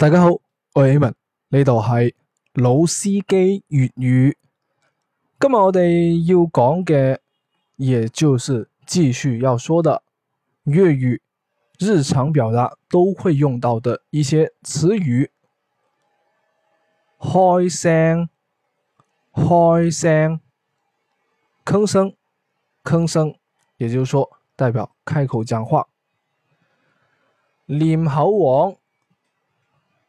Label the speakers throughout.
Speaker 1: 大家好，我係阿文。呢度係老司機粵語。今日我哋要講嘅，也就是繼續要說的粵語日常表達都會用到的一些詞語，開聲、開聲、吭聲、吭聲，也就是說代表開口講話，念口簧。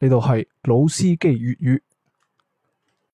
Speaker 1: 呢度係老司機粵語。